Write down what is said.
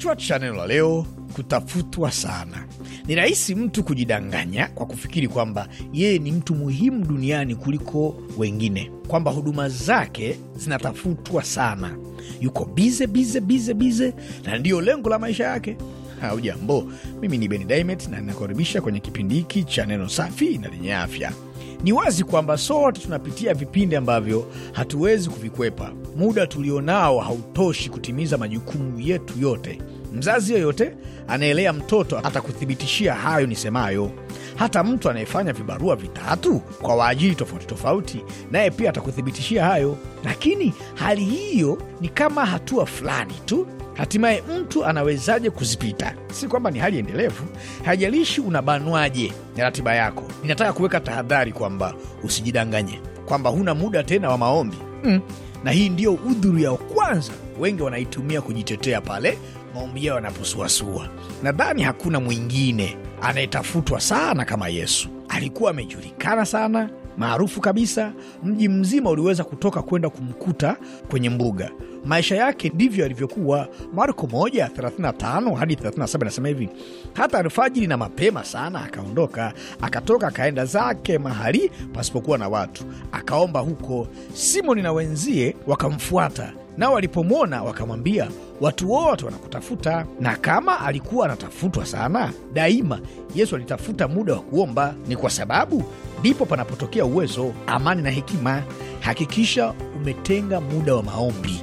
Kichwa cha neno la leo: kutafutwa sana. Ni rahisi mtu kujidanganya kwa kufikiri kwamba yeye ni mtu muhimu duniani kuliko wengine, kwamba huduma zake zinatafutwa sana, yuko bize bize bize bize, na ndiyo lengo la maisha yake haujambo mimi ni ben Dimet na ninakaribisha kwenye kipindi hiki cha neno safi na lenye afya. Ni wazi kwamba sote tunapitia vipindi ambavyo hatuwezi kuvikwepa. Muda tulionao hautoshi kutimiza majukumu yetu yote. Mzazi yoyote anaelea mtoto atakuthibitishia hayo nisemayo. Hata mtu anayefanya vibarua vitatu kwa waajili tofauti tofauti, naye pia atakuthibitishia hayo. Lakini hali hiyo ni kama hatua fulani tu Hatimaye mtu anawezaje kuzipita? Si kwamba ni hali endelevu, haijalishi unabanwaje na ratiba yako. Ninataka kuweka tahadhari kwamba usijidanganye kwamba huna muda tena wa maombi mm. Na hii ndiyo udhuru ya kwanza wengi wanaitumia kujitetea pale maombi yao yanaposuasua. Nadhani hakuna mwingine anayetafutwa sana kama Yesu. Alikuwa amejulikana sana, maarufu kabisa, mji mzima uliweza kutoka kwenda kumkuta kwenye mbuga maisha yake ndivyo yalivyokuwa. Marko 1:35 hadi 37 nasema hivi: hata alfajiri na mapema sana akaondoka, akatoka akaenda zake mahali pasipokuwa na watu, akaomba huko. Simoni na wenzie wakamfuata, nao walipomwona wakamwambia, watu wote wanakutafuta. Na kama alikuwa anatafutwa sana daima, Yesu alitafuta muda wa kuomba. Ni kwa sababu ndipo panapotokea uwezo, amani na hekima. Hakikisha umetenga muda wa maombi